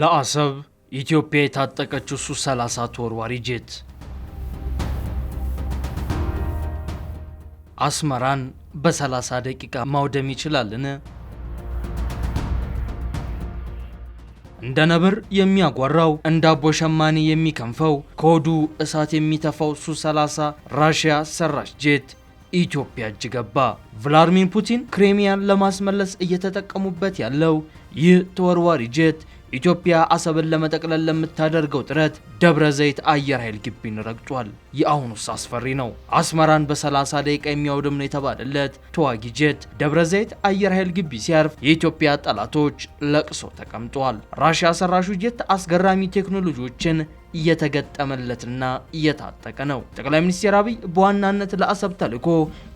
ለአሰብ ኢትዮጵያ የታጠቀችው ሱ 30 ተወርዋሪ ጄት አስመራን በ30 ደቂቃ ማውደም ይችላልን? እንደ ነብር የሚያጓራው እንደ አቦ ሸማኔ የሚከንፈው ከሆዱ እሳት የሚተፋው ሱ 30 ራሽያ ሰራሽ ጄት ኢትዮጵያ እጅ ገባ። ቭላድሚር ፑቲን ክሬሚያን ለማስመለስ እየተጠቀሙበት ያለው ይህ ተወርዋሪ ጄት ኢትዮጵያ አሰብን ለመጠቅለል ለምታደርገው ጥረት ደብረ ዘይት አየር ኃይል ግቢን ረግጧል። የአሁኑስ አስፈሪ ነው። አስመራን በ30 ደቂቃ የሚያውድም ነው የተባለለት ተዋጊ ጄት ደብረ ዘይት አየር ኃይል ግቢ ሲያርፍ የኢትዮጵያ ጠላቶች ለቅሶ ተቀምጠዋል። ራሽያ ሰራሹ ጄት አስገራሚ ቴክኖሎጂዎችን እየተገጠመለትና እየታጠቀ ነው። ጠቅላይ ሚኒስትር አብይ በዋናነት ለአሰብ ተልዕኮ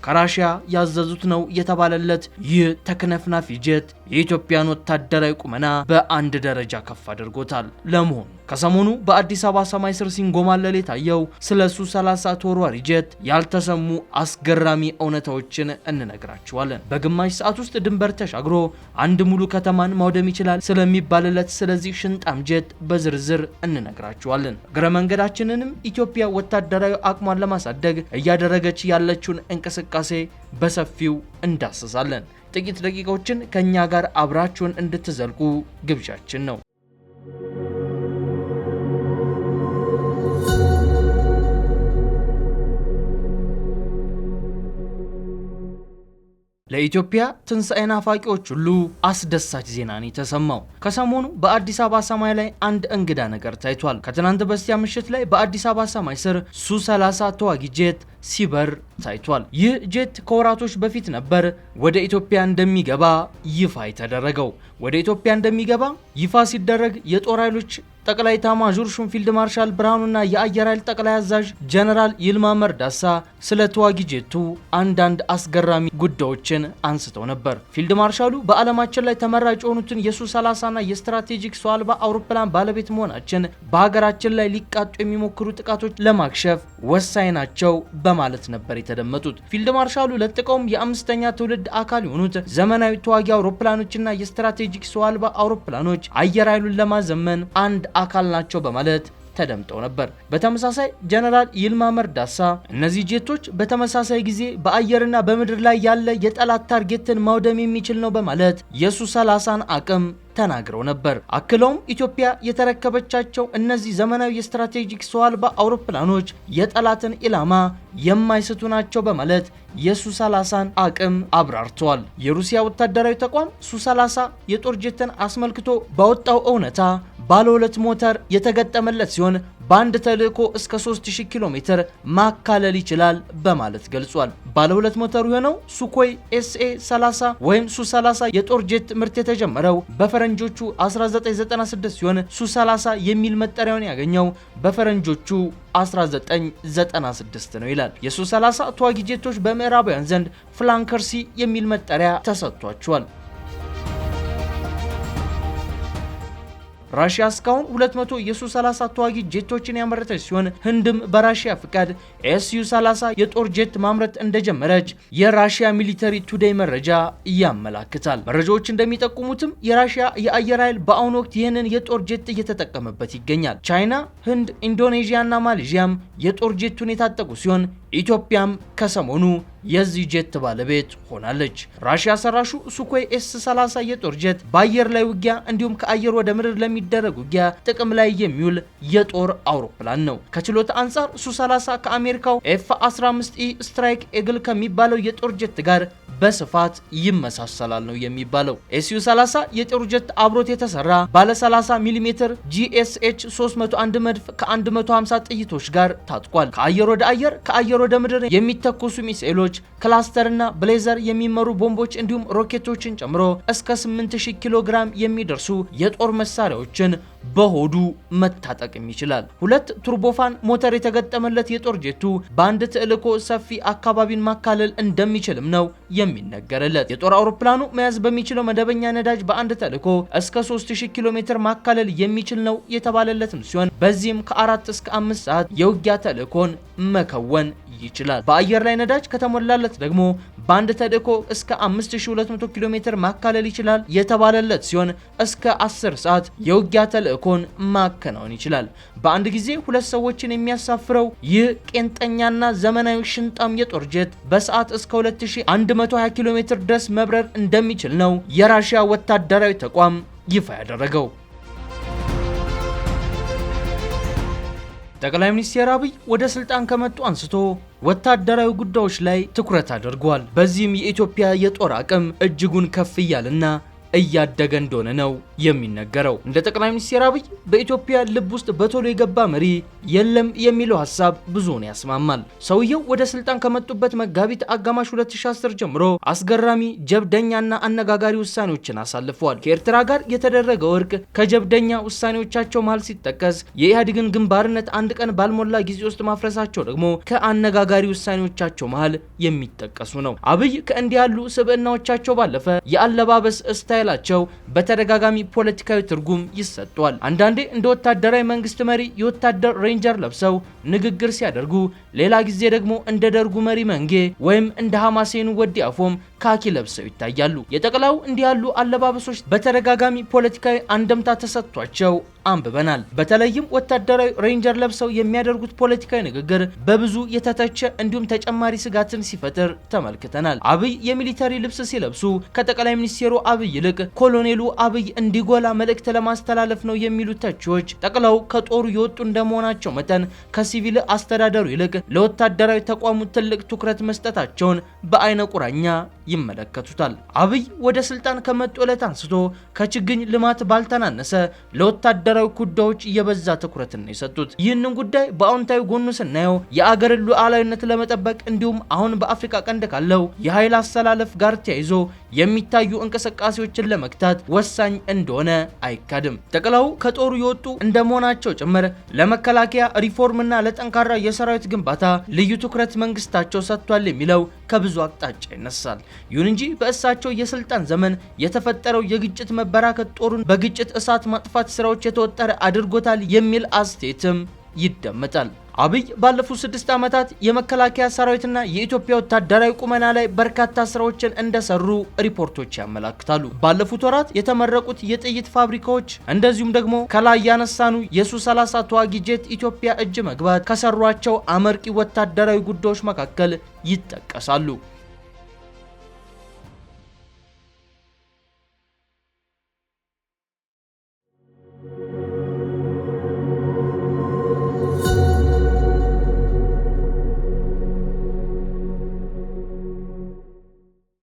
ከራሽያ ያዘዙት ነው የተባለለት ይህ ተክነፍናፊ ጀት የኢትዮጵያን ወታደራዊ ቁመና በአንድ ደረጃ ከፍ አድርጎታል። ለመሆኑ ከሰሞኑ በአዲስ አበባ ሰማይ ስር ሲንጎማለል የታየው ስለ ሱ 30 ተወርዋሪ ጀት ያልተሰሙ አስገራሚ እውነታዎችን እንነግራችኋለን። በግማሽ ሰዓት ውስጥ ድንበር ተሻግሮ አንድ ሙሉ ከተማን ማውደም ይችላል ስለሚባልለት ስለዚህ ሽንጣም ጀት በዝርዝር እንነግራችኋለን። እናያለን። እግረ መንገዳችንንም ኢትዮጵያ ወታደራዊ አቅሟን ለማሳደግ እያደረገች ያለችውን እንቅስቃሴ በሰፊው እንዳስሳለን። ጥቂት ደቂቃዎችን ከእኛ ጋር አብራችሁን እንድትዘልቁ ግብዣችን ነው። ለኢትዮጵያ ትንሣኤ ናፋቂዎች ሁሉ አስደሳች ዜና ነው የተሰማው። ከሰሞኑ በአዲስ አበባ ሰማይ ላይ አንድ እንግዳ ነገር ታይቷል። ከትናንት በስቲያ ምሽት ላይ በአዲስ አበባ ሰማይ ስር ሱ 30 ተዋጊ ጄት ሲበር ታይቷል። ይህ ጄት ከወራቶች በፊት ነበር ወደ ኢትዮጵያ እንደሚገባ ይፋ የተደረገው። ወደ ኢትዮጵያ እንደሚገባ ይፋ ሲደረግ የጦር ኃይሎች ጠቅላይ ኤታማዦር ሹም ፊልድ ማርሻል ብርሃኑና የአየር ኃይል ጠቅላይ አዛዥ ጀነራል ይልማ መርዳሳ ስለ ተዋጊ ጄቱ አንዳንድ አስገራሚ ጉዳዮችን አንስተው ነበር። ፊልድ ማርሻሉ በዓለማችን ላይ ተመራጭ የሆኑትን የሱ 30ና የስትራቴጂክ ሰው አልባ አውሮፕላን ባለቤት መሆናችን በሀገራችን ላይ ሊቃጡ የሚሞክሩ ጥቃቶች ለማክሸፍ ወሳኝ ናቸው በማለት ነበር የተደመጡት። ፊልድ ማርሻሉ ለጥቀውም የአምስተኛ ትውልድ አካል የሆኑት ዘመናዊ ተዋጊ አውሮፕላኖችና የስትራቴጂክ ሰው አልባ አውሮፕላኖች አየር ኃይሉን ለማዘመን አንድ አካል ናቸው በማለት ተደምጠው ነበር። በተመሳሳይ ጀነራል ይልማ መርዳሳ እነዚህ ጄቶች በተመሳሳይ ጊዜ በአየርና በምድር ላይ ያለ የጠላት ታርጌትን ማውደም የሚችል ነው በማለት የሱ 30ን አቅም ተናግረው ነበር። አክለውም ኢትዮጵያ የተረከበቻቸው እነዚህ ዘመናዊ የስትራቴጂክ ሰው አልባ አውሮፕላኖች የጠላትን ኢላማ የማይስቱ ናቸው በማለት የሱ 30ን አቅም አብራርተዋል። የሩሲያ ወታደራዊ ተቋም ሱ 30 የጦር ጀትን አስመልክቶ ባወጣው እውነታ ባለ ሁለት ሞተር የተገጠመለት ሲሆን በአንድ ተልዕኮ እስከ 3000 ኪሎ ሜትር ማካለል ይችላል በማለት ገልጿል። ባለ ሁለት ሞተሩ የሆነው ሱኮይ ኤስኤ 30 ወይም ሱ 30 የጦር ጄት ምርት የተጀመረው በፈረንጆቹ 1996 ሲሆን ሱ 30 የሚል መጠሪያውን ያገኘው በፈረንጆቹ 1996 ነው ይላል። የሱ 30 ተዋጊ ጄቶች በምዕራባውያን ዘንድ ፍላንከርሲ የሚል መጠሪያ ተሰጥቷቸዋል። ራሽያ እስካሁን 200 የሱ30 ተዋጊ ጄቶችን ያመረተች ሲሆን ህንድም በራሽያ ፍቃድ ኤስዩ 30 የጦር ጄት ማምረት እንደጀመረች የራሽያ ሚሊተሪ ቱዴይ መረጃ ያመላክታል። መረጃዎች እንደሚጠቁሙትም የራሽያ የአየር ኃይል በአሁኑ ወቅት ይህንን የጦር ጄት እየተጠቀመበት ይገኛል። ቻይና፣ ህንድ፣ ኢንዶኔዥያና ማሌዥያም የጦር ጄቱን የታጠቁ ሲሆን ኢትዮጵያም ከሰሞኑ የዚህ ጀት ባለቤት ሆናለች። ራሽያ ሰራሹ ሱኮይ ኤስ 30 የጦር ጀት በአየር ላይ ውጊያ እንዲሁም ከአየር ወደ ምድር ለሚደረግ ውጊያ ጥቅም ላይ የሚውል የጦር አውሮፕላን ነው። ከችሎታ አንጻር ሱ 30 ከአሜሪካው ኤፍ 15 ኢ ስትራይክ ኤግል ከሚባለው የጦር ጀት ጋር በስፋት ይመሳሰላል ነው የሚባለው። ኤስዩ 30 የጦር ጀት አብሮት የተሰራ ባለ 30 ሚሜ ጂኤስኤች 301 መድፍ ከ150 ጥይቶች ጋር ታጥቋል። ከአየር ወደ አየር፣ ከአየር ወደ ምድር የሚተኮሱ ሚሳኤሎች፣ ክላስተርና ብሌዘር የሚመሩ ቦምቦች እንዲሁም ሮኬቶችን ጨምሮ እስከ 8000 ኪሎ ግራም የሚደርሱ የጦር መሳሪያዎችን በሆዱ መታጠቅም ይችላል። ሁለት ቱርቦፋን ሞተር የተገጠመለት የጦር ጄቱ በአንድ ተልዕኮ ሰፊ አካባቢን ማካለል እንደሚችልም ነው የሚነገርለት። የጦር አውሮፕላኑ መያዝ በሚችለው መደበኛ ነዳጅ በአንድ ተልዕኮ እስከ 3000 ኪሎ ሜትር ማካለል የሚችል ነው የተባለለትም ሲሆን በዚህም ከአራት እስከ አምስት ሰዓት የውጊያ ተልዕኮን መከወን ይችላል። በአየር ላይ ነዳጅ ከተሞላለት ደግሞ በአንድ ተልዕኮ እስከ 5200 ኪሎ ሜትር ማካለል ይችላል የተባለለት ሲሆን እስከ 10 ሰዓት የውጊያ ተልዕኮ ተልእኮን ማከናወን ይችላል። በአንድ ጊዜ ሁለት ሰዎችን የሚያሳፍረው ይህ ቄንጠኛና ዘመናዊ ሽንጣም የጦር ጀት በሰዓት እስከ 2120 ኪሎ ሜትር ድረስ መብረር እንደሚችል ነው የራሽያ ወታደራዊ ተቋም ይፋ ያደረገው። ጠቅላይ ሚኒስትር አብይ ወደ ስልጣን ከመጡ አንስቶ ወታደራዊ ጉዳዮች ላይ ትኩረት አድርጓል። በዚህም የኢትዮጵያ የጦር አቅም እጅጉን ከፍ እያለና እያደገ እንደሆነ ነው የሚነገረው። እንደ ጠቅላይ ሚኒስትር አብይ በኢትዮጵያ ልብ ውስጥ በቶሎ የገባ መሪ የለም የሚለው ሀሳብ ብዙውን ያስማማል። ሰውየው ወደ ስልጣን ከመጡበት መጋቢት አጋማሽ 2010 ጀምሮ አስገራሚ ጀብደኛና አነጋጋሪ ውሳኔዎችን አሳልፏል። ከኤርትራ ጋር የተደረገ እርቅ ከጀብደኛ ውሳኔዎቻቸው መሃል ሲጠቀስ፣ የኢህአዴግን ግንባርነት አንድ ቀን ባልሞላ ጊዜ ውስጥ ማፍረሳቸው ደግሞ ከአነጋጋሪ ውሳኔዎቻቸው መሃል የሚጠቀሱ ነው። አብይ ከእንዲህ ያሉ ስብዕናዎቻቸው ባለፈ የአለባበስ እስታ ስታይላቸው በተደጋጋሚ ፖለቲካዊ ትርጉም ይሰጧል። አንዳንዴ እንደ ወታደራዊ መንግስት መሪ የወታደር ሬንጀር ለብሰው ንግግር ሲያደርጉ፣ ሌላ ጊዜ ደግሞ እንደ ደርጉ መሪ መንጌ ወይም እንደ ሐማሴኑ ወዲ አፎም ካኪ ለብሰው ይታያሉ። የጠቅላው እንዲህ ያሉ አለባበሶች በተደጋጋሚ ፖለቲካዊ አንደምታ ተሰጥቷቸው አንብበናል። በተለይም ወታደራዊ ሬንጀር ለብሰው የሚያደርጉት ፖለቲካዊ ንግግር በብዙ የተተቸ እንዲሁም ተጨማሪ ስጋትን ሲፈጥር ተመልክተናል። አብይ የሚሊተሪ ልብስ ሲለብሱ ከጠቅላይ ሚኒስትሩ አብይ ይልቅ ኮሎኔሉ አብይ እንዲጎላ መልእክት ለማስተላለፍ ነው የሚሉ ተቺዎች ጠቅለው ከጦሩ የወጡ እንደመሆናቸው መጠን ከሲቪል አስተዳደሩ ይልቅ ለወታደራዊ ተቋሙ ትልቅ ትኩረት መስጠታቸውን በአይነ ቁራኛ ይመለከቱታል። አብይ ወደ ስልጣን ከመጡ ዕለት አንስቶ ከችግኝ ልማት ባልተናነሰ ለወታደራዊ ወታደራዊ ጉዳዮች እየበዛ ትኩረትን ነው የሰጡት። ይህንን ጉዳይ በአዎንታዊ ጎኑ ስናየው የአገርን ሉዓላዊነት ለመጠበቅ እንዲሁም አሁን በአፍሪካ ቀንድ ካለው የኃይል አሰላለፍ ጋር ተያይዞ የሚታዩ እንቅስቃሴዎችን ለመግታት ወሳኝ እንደሆነ አይካድም። ጠቅለው ከጦሩ የወጡ እንደመሆናቸው ጭምር ለመከላከያ ሪፎርምና ለጠንካራ የሰራዊት ግንባታ ልዩ ትኩረት መንግስታቸው ሰጥቷል የሚለው ከብዙ አቅጣጫ ይነሳል። ይሁን እንጂ በእሳቸው የስልጣን ዘመን የተፈጠረው የግጭት መበራከት ጦሩን በግጭት እሳት ማጥፋት ስራዎች የተወጠረ አድርጎታል የሚል አስተያየትም ይደመጣል። አብይ ባለፉት ስድስት ዓመታት የመከላከያ ሰራዊትና የኢትዮጵያ ወታደራዊ ቁመና ላይ በርካታ ስራዎችን እንደሰሩ ሪፖርቶች ያመላክታሉ። ባለፉት ወራት የተመረቁት የጥይት ፋብሪካዎች እንደዚሁም ደግሞ ከላይ ያነሳኑ የሱ 30 ተዋጊ ጄት ኢትዮጵያ እጅ መግባት ከሰሯቸው አመርቂ ወታደራዊ ጉዳዮች መካከል ይጠቀሳሉ።